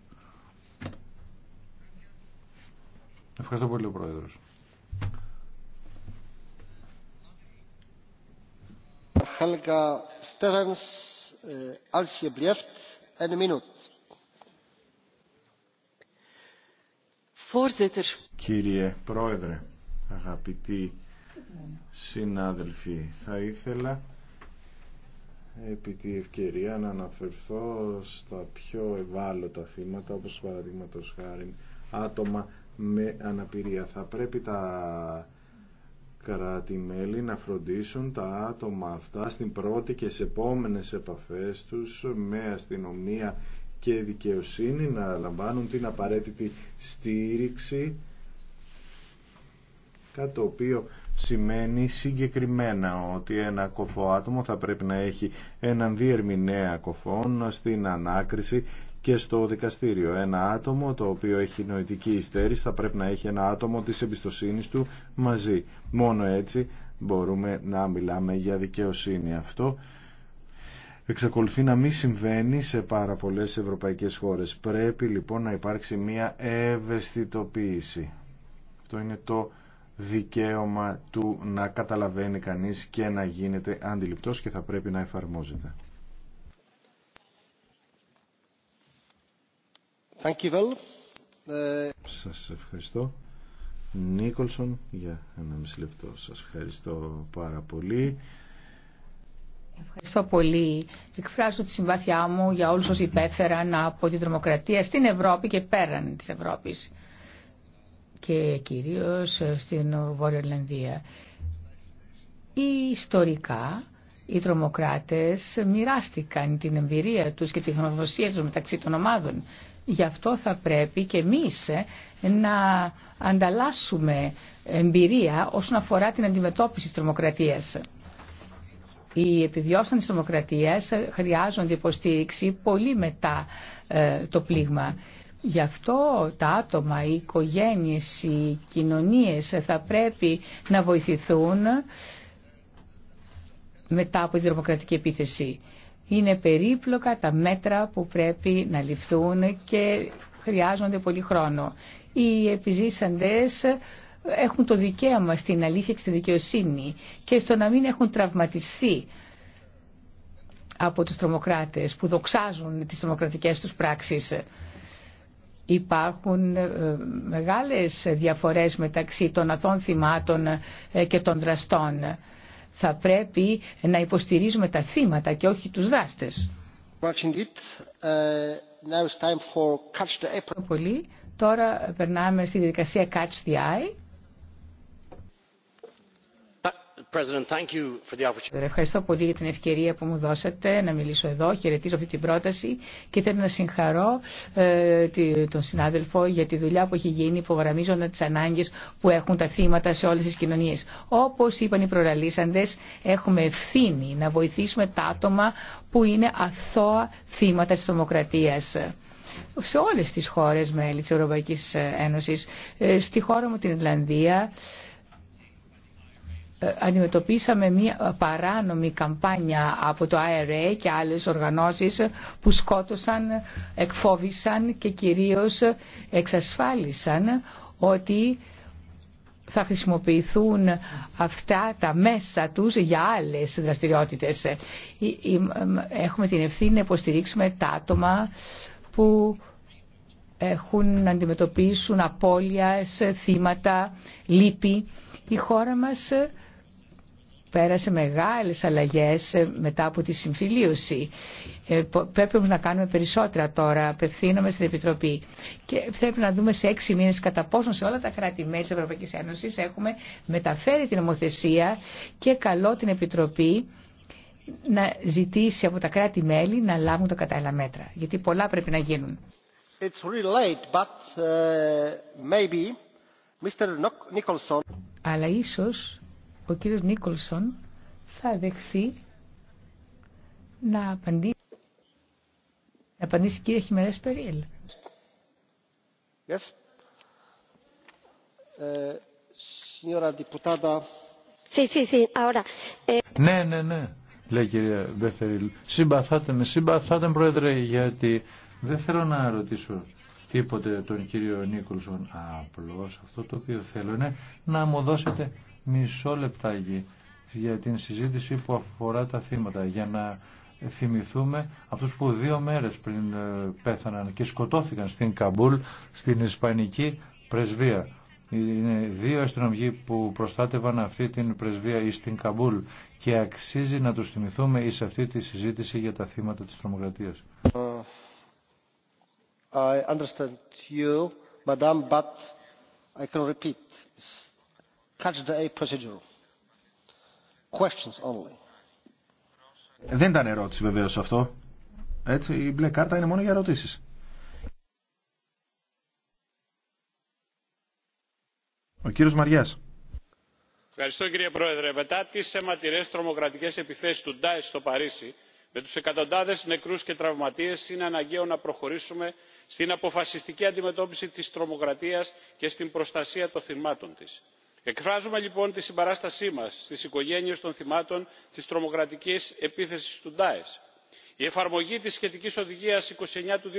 A: Ευχαριστώ πολύ ο Πρόεδρος.
D: Ε, ένα
C: Κύριε Πρόεδρε, αγαπητοί συνάδελφοι, θα ήθελα επί τη ευκαιρία να αναφερθώ στα πιο ευάλωτα θύματα, όπως παραδείγματος χάρη άτομα με αναπηρία. Θα πρέπει τα κράτη-μέλη να φροντίσουν τα άτομα αυτά στην πρώτη και σε επόμενες επαφές τους με αστυνομία και δικαιοσύνη να λαμβάνουν την απαραίτητη στήριξη κάτι το οποίο σημαίνει συγκεκριμένα ότι ένα κοφό άτομο θα πρέπει να έχει έναν διερμηνέα κοφών στην ανάκριση και στο δικαστήριο. Ένα άτομο το οποίο έχει νοητική υστέρηση θα πρέπει να έχει ένα άτομο της εμπιστοσύνης του μαζί. Μόνο έτσι μπορούμε να μιλάμε για δικαιοσύνη. Αυτό εξακολουθεί να μην συμβαίνει σε πάρα πολλές ευρωπαϊκές χώρες. Πρέπει λοιπόν να υπάρξει μια ευαισθητοποίηση. Αυτό είναι το δικαίωμα του να καταλαβαίνει κανείς και να γίνεται αντιληπτός και θα πρέπει να εφαρμόζεται. Thank Σας ευχαριστώ. Νίκολσον για ένα μισή λεπτό. Σας ευχαριστώ πάρα πολύ.
B: Ευχαριστώ πολύ. Εκφράζω τη συμπάθειά μου για όλους όσοι υπέφεραν από την τρομοκρατία στην Ευρώπη και πέραν της Ευρώπης και κυρίως ε, στην Βόρεια Ή Ιστορικά οι τρομοκράτες μοιράστηκαν την εμπειρία τους και τη γνωσία τους μεταξύ των ομάδων Γι' αυτό θα πρέπει και εμείς ε, να ανταλλάσσουμε εμπειρία όσον αφορά την αντιμετώπιση της τρομοκρατίας. Οι επιβιώσαν της τρομοκρατίας ε, χρειάζονται υποστήριξη πολύ μετά ε, το πλήγμα. Γι' αυτό τα άτομα, οι οικογένειες, οι κοινωνίες θα πρέπει να βοηθηθούν μετά από την τρομοκρατική επίθεση. Είναι περίπλοκα τα μέτρα που πρέπει να ληφθούν και χρειάζονται πολύ χρόνο. Οι επιζήσαντες έχουν το δικαίωμα στην αλήθεια και στη δικαιοσύνη και στο να μην έχουν τραυματιστεί από τους τρομοκράτες που δοξάζουν τις τρομοκρατικές τους πράξεις. Υπάρχουν ε, μεγάλες διαφορές μεταξύ των αθών θυμάτων ε, και των δραστών θα πρέπει να υποστηρίζουμε τα θύματα και όχι τους δάστες.
D: Uh,
B: Τώρα περνάμε στη διαδικασία Catch the Eye. Ευχαριστώ πολύ για την ευκαιρία που μου δώσατε να μιλήσω εδώ. Χαιρετίζω αυτή την πρόταση και θέλω να συγχαρώ ε, τον συνάδελφο για τη δουλειά που έχει γίνει υπογραμμίζοντα τι ανάγκε που έχουν τα θύματα σε όλε τι κοινωνίε. Όπω είπαν οι προραλήσαντε, έχουμε ευθύνη να βοηθήσουμε τα άτομα που είναι αθώα θύματα τη τρομοκρατία σε όλες τις χώρες μέλη της Ευρωπαϊκής Ένωσης, ε, στη χώρα μου την Ιρλανδία, ε, αντιμετωπίσαμε μια παράνομη καμπάνια από το IRA και άλλες οργανώσεις που σκότωσαν, εκφόβησαν και κυρίως εξασφάλισαν ότι θα χρησιμοποιηθούν αυτά τα μέσα τους για άλλες δραστηριότητες. Έχουμε την ευθύνη να υποστηρίξουμε τα άτομα που έχουν να αντιμετωπίσουν απώλειες, θύματα, λύπη. Η χώρα μας πέρασε μεγάλες αλλαγές ε, μετά από τη συμφιλίωση. Ε, πρέπει όμως να κάνουμε περισσότερα τώρα, απευθύνομαι στην Επιτροπή. Και πρέπει να δούμε σε έξι μήνες κατά πόσον σε όλα τα κράτη-μέλη της Ευρωπαϊκής Ένωσης έχουμε μεταφέρει την νομοθεσία και καλό την Επιτροπή να ζητήσει από τα κράτη-μέλη να λάβουν τα κατάλληλα μέτρα. Γιατί πολλά πρέπει να γίνουν.
D: It's really late, but, uh, maybe Mr. Nicholson...
B: Αλλά ίσως ο κύριος Νίκολσον θα δεχθεί να απαντήσει. Να απαντήσει η κυρία Χιμερές Περίελ.
D: Yes. Ε,
F: ε,
A: ναι, ναι, ναι, λέει η κυρία Μπεφερίλ. Συμπαθάτε με, συμπαθάτε με, πρόεδρε, γιατί δεν θέλω να ρωτήσω τίποτε τον κύριο Νίκολσον. Απλώς αυτό το οποίο θέλω είναι να μου δώσετε μισό λεπτάκι για την συζήτηση που αφορά τα θύματα, για να θυμηθούμε αυτούς που δύο μέρες πριν ε, πέθαναν και σκοτώθηκαν στην Καμπούλ, στην Ισπανική πρεσβεία. Είναι δύο αστυνομικοί που προστάτευαν αυτή την πρεσβεία ή στην Καμπούλ και αξίζει να τους θυμηθούμε ή αυτή τη συζήτηση για τα θύματα της τρομοκρατίας.
D: Uh, I understand you, I can
C: δεν ήταν ερώτηση βεβαίως αυτό. Έτσι, η μπλε κάρτα είναι μόνο για ερωτήσει. Ο κύριος Μαριάς.
E: Ευχαριστώ κύριε Πρόεδρε. Μετά τις αιματηρές τρομοκρατικές επιθέσεις του Ντάις στο Παρίσι, με τους εκατοντάδες νεκρούς και τραυματίες είναι αναγκαίο να προχωρήσουμε στην αποφασιστική αντιμετώπιση της τρομοκρατίας και στην προστασία των θυμάτων της εκφράζουμε λοιπόν τη συμπαράστασή μας στις οικογένειες των θυμάτων της τρομοκρατικής επίθεσης του ντάεσ. η εφαρμογή της σχετικής οδηγίας 29 του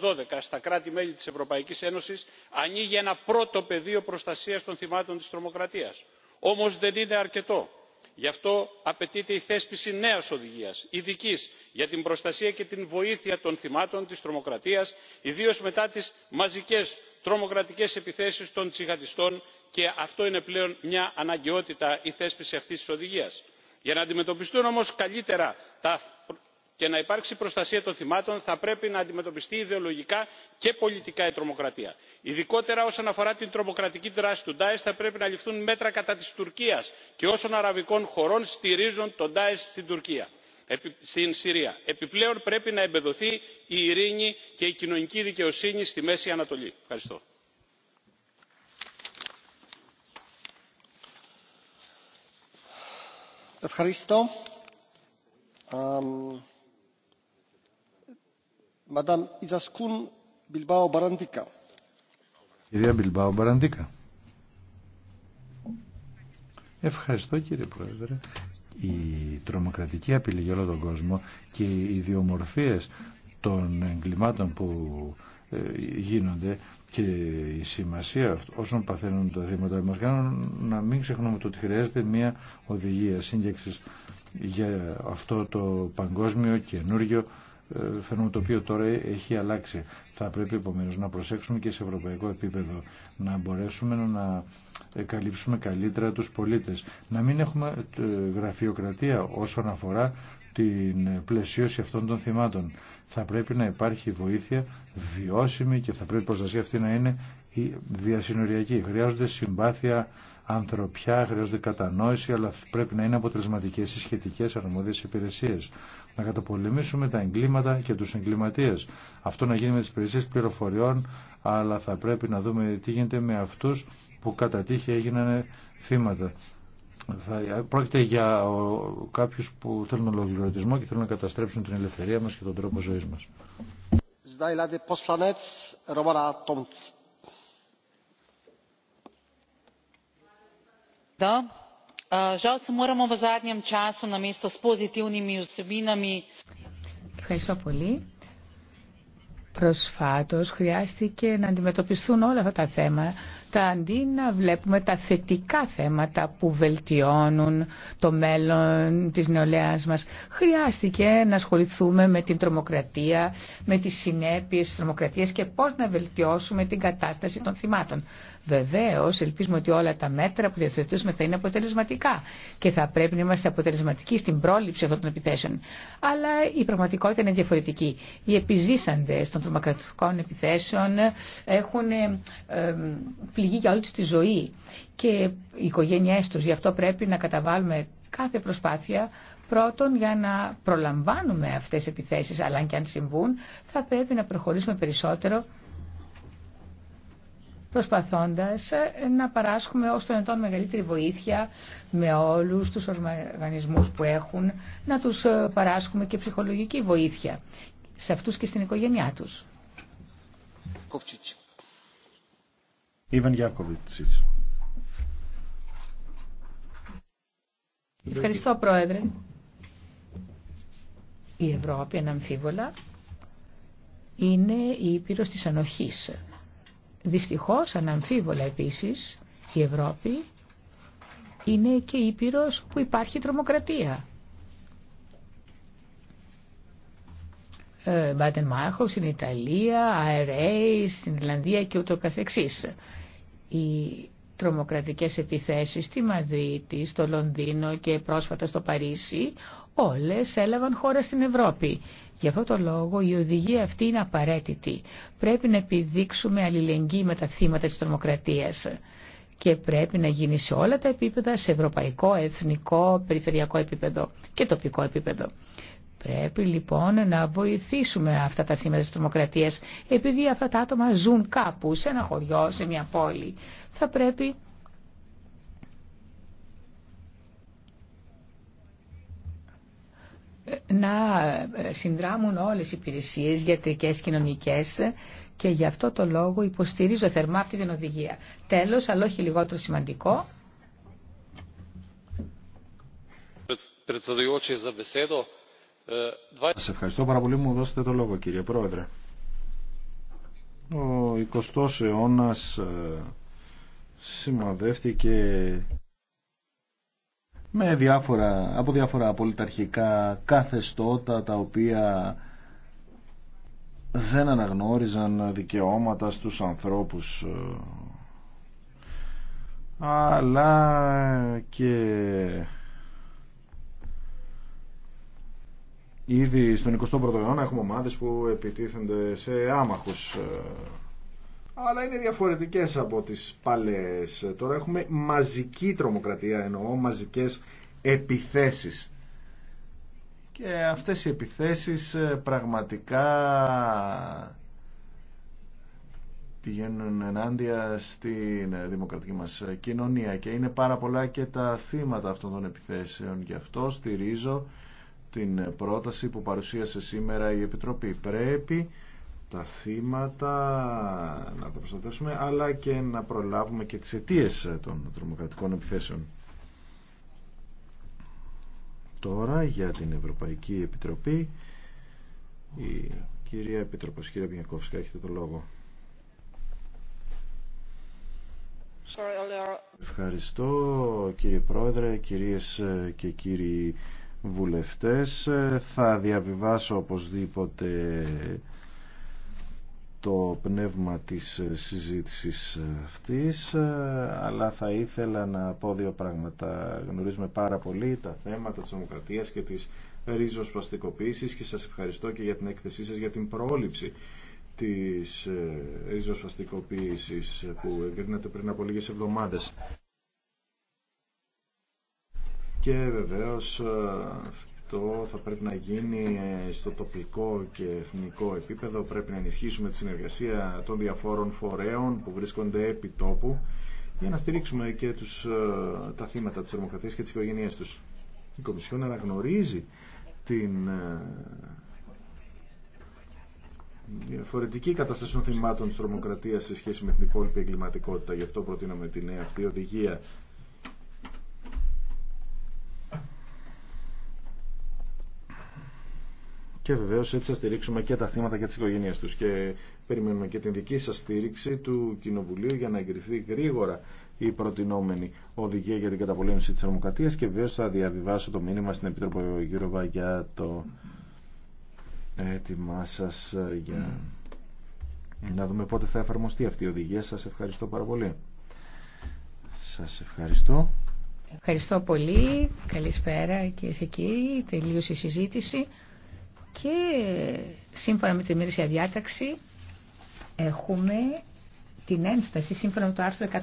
E: 2012 στα κράτη μέλη της ευρωπαϊκής ένωσης ανοίγει ένα πρώτο πεδίο προστασίας των θυμάτων της τρομοκρατίας. όμως δεν είναι αρκετό γι' αυτό απαιτείται η θέσπιση νέας οδηγίας ειδικής για την προστασία και την βοήθεια των θυμάτων της τρομοκρατίας ιδίως μετά τις μαζικές τρομοκρατικές επιθέσεις των τζιχαντιστών και αυτό είναι πλέον μια αναγκαιότητα η θέσπιση αυτής της οδηγίας. για να αντιμετωπιστούν όμως καλύτερα τα και να υπάρξει προστασία των θυμάτων θα πρέπει να αντιμετωπιστεί ιδεολογικά και πολιτικά η τρομοκρατία. ειδικότερα όσον αφορά την τρομοκρατική δράση του ντάεσ θα πρέπει να ληφθούν μέτρα κατά της τουρκίας και όσων αραβικών χωρών στηρίζουν τον ντάεσ στην τουρκία Συρία. Επιπλέον πρέπει να εμπεδοθεί η ειρήνη και η κοινωνική δικαιοσύνη στη Μέση Ανατολή.
D: Ευχαριστώ.
A: Ευχαριστώ κύριε Πρόεδρε. Η τρομοκρατική απειλή για όλο τον κόσμο και οι ιδιομορφίες των εγκλημάτων που ε, γίνονται και η σημασία όσων παθαίνουν τα θύματα μας κάνουν να μην ξεχνούμε το ότι χρειάζεται μια οδηγία σύγκεξης για αυτό το παγκόσμιο καινούργιο ε, φαινόμενο το οποίο τώρα έχει αλλάξει. Θα πρέπει επομένω να προσέξουμε και σε ευρωπαϊκό επίπεδο να μπορέσουμε να καλύψουμε καλύτερα τους πολίτες. Να μην έχουμε ε, γραφειοκρατία όσον αφορά την πλαισίωση αυτών των θυμάτων. Θα πρέπει να υπάρχει βοήθεια βιώσιμη και θα πρέπει η προστασία αυτή να είναι διασυνοριακή. Χρειάζονται συμπάθεια, ανθρωπιά, χρειάζονται κατανόηση, αλλά πρέπει να είναι αποτελεσματικέ οι σχετικέ αρμόδιε υπηρεσίε να καταπολεμήσουμε τα εγκλήματα και τους εγκληματίες. Αυτό να γίνει με τις υπηρεσίε πληροφοριών, αλλά θα πρέπει να δούμε τι γίνεται με αυτούς που κατά τύχη έγιναν θύματα. πρόκειται για κάποιους που θέλουν ολοκληρωτισμό και θέλουν να καταστρέψουν την ελευθερία μας και τον τρόπο ζωής μας.
B: Ευχαριστώ πολύ. Προσφάτως χρειάστηκε να αντιμετωπιστούν όλα αυτά τα θέματα αντί να βλέπουμε τα θετικά θέματα που βελτιώνουν το μέλλον της νεολαίας μας. Χρειάστηκε να ασχοληθούμε με την τρομοκρατία, με τις συνέπειες της τρομοκρατίας και πώς να βελτιώσουμε την κατάσταση των θυμάτων. Βεβαίω, ελπίζουμε ότι όλα τα μέτρα που διαθετήσουμε θα είναι αποτελεσματικά και θα πρέπει να είμαστε αποτελεσματικοί στην πρόληψη αυτών των επιθέσεων. Αλλά η πραγματικότητα είναι διαφορετική. Οι επιζήσαντες των τρομοκρατικών επιθέσεων έχουν λυγεί για όλη τους τη ζωή και οι οικογένειε του, Γι' αυτό πρέπει να καταβάλουμε κάθε προσπάθεια πρώτον για να προλαμβάνουμε αυτέ τι επιθέσει, αλλά και αν συμβούν θα πρέπει να προχωρήσουμε περισσότερο προσπαθώντας ε, να παράσχουμε ως τον ετών μεγαλύτερη βοήθεια με όλους τους οργανισμούς που έχουν, να τους ε, παράσχουμε και ψυχολογική βοήθεια σε αυτούς και στην οικογένειά τους. Ευχαριστώ Πρόεδρε. Η Ευρώπη αναμφίβολα είναι η ήπειρος της ανοχής. Δυστυχώς αναμφίβολα επίσης η Ευρώπη είναι και ήπειρος που υπάρχει τρομοκρατία. Μπάτεν Μάχοφ στην Ιταλία, ΑΕΡΕΙ στην Ιρλανδία και ούτω καθεξής. Οι τρομοκρατικές επιθέσεις στη Μαδρίτη, στο Λονδίνο και πρόσφατα στο Παρίσι, όλες έλαβαν χώρα στην Ευρώπη. Γι' αυτό το λόγο η οδηγία αυτή είναι απαραίτητη. Πρέπει να επιδείξουμε αλληλεγγύη με τα θύματα της τρομοκρατίας και πρέπει να γίνει σε όλα τα επίπεδα, σε ευρωπαϊκό, εθνικό, περιφερειακό επίπεδο και τοπικό επίπεδο. Πρέπει λοιπόν να βοηθήσουμε αυτά τα θύματα της τρομοκρατίας επειδή αυτά τα άτομα ζουν κάπου, σε ένα χωριό, σε μια πόλη. Θα πρέπει να ε, συνδράμουν όλες οι υπηρεσίες γιατρικές, κοινωνικές και γι' αυτό το λόγο υποστηρίζω θερμά αυτή την οδηγία. Τέλος, αλλά όχι λιγότερο σημαντικό.
A: Ε,
C: Σας ευχαριστώ πάρα πολύ μου δώσετε το λόγο κύριε Πρόεδρε. Ο 20ος αιώνας ε, σημαδεύτηκε με διάφορα, από διάφορα πολιταρχικά καθεστώτα τα οποία δεν αναγνώριζαν δικαιώματα στους ανθρώπους ε, αλλά και Ήδη στον 21ο αιώνα έχουμε ομάδε που επιτίθενται σε άμαχου, ε, αλλά είναι διαφορετικές από τις παλες Τώρα έχουμε μαζική τρομοκρατία, εννοώ μαζικές επιθέσεις. Και αυτές οι επιθέσεις ε, πραγματικά πηγαίνουν ενάντια στην ε, δημοκρατική μας κοινωνία και είναι πάρα πολλά και τα θύματα αυτών των επιθέσεων. Γι' αυτό στηρίζω την πρόταση που παρουσίασε σήμερα η Επιτροπή. Πρέπει τα θύματα να τα προστατεύσουμε αλλά και να προλάβουμε και τις αιτίε των τρομοκρατικών επιθέσεων. Τώρα για την Ευρωπαϊκή Επιτροπή η κυρία Επιτροπός, κυρία Πινιακόφσκα, έχετε το λόγο. Ευχαριστώ κύριε Πρόεδρε, κυρίες και κύριοι βουλευτές. Θα διαβιβάσω οπωσδήποτε το πνεύμα της συζήτησης αυτής, αλλά θα ήθελα να πω δύο πράγματα. Γνωρίζουμε πάρα πολύ τα θέματα της δημοκρατίας και της ρίζοσπαστικοποίησης και σας ευχαριστώ και για την έκθεσή σας για την πρόληψη της ρίζοσπαστικοποίησης που εγκρίνατε πριν από λίγες εβδομάδες και βεβαίως ε, αυτό θα πρέπει να γίνει ε, στο τοπικό και εθνικό επίπεδο. Πρέπει να ενισχύσουμε τη συνεργασία των διαφόρων φορέων που βρίσκονται επί τόπου για να στηρίξουμε και τους, ε, τα θύματα της τρομοκρατίας και της οικογένειάς τους. Η Κομισιόν αναγνωρίζει την διαφορετική κατάσταση των θυμάτων της τρομοκρατίας σε σχέση με την υπόλοιπη εγκληματικότητα. Γι' αυτό προτείνουμε τη νέα αυτή οδηγία και βεβαίω έτσι θα στηρίξουμε και τα θύματα και τι οικογένειε του και περιμένουμε και την δική σα στήριξη του Κοινοβουλίου για να εγκριθεί γρήγορα η προτινόμενη οδηγία για την καταπολέμηση τη θερμοκρατία. και βεβαίω θα διαβιβάσω το μήνυμα στην Επίτροπο Γύρωβα για το έτοιμά σα ε, για να δούμε πότε θα εφαρμοστεί αυτή η οδηγία. Σα ευχαριστώ πάρα πολύ. Σα ευχαριστώ.
B: Ευχαριστώ πολύ. Καλησπέρα και σε κύριοι. Τελείωσε η συζήτηση. Και σύμφωνα με την ημερήσια διάταξη έχουμε την ένσταση σύμφωνα με το άρθρο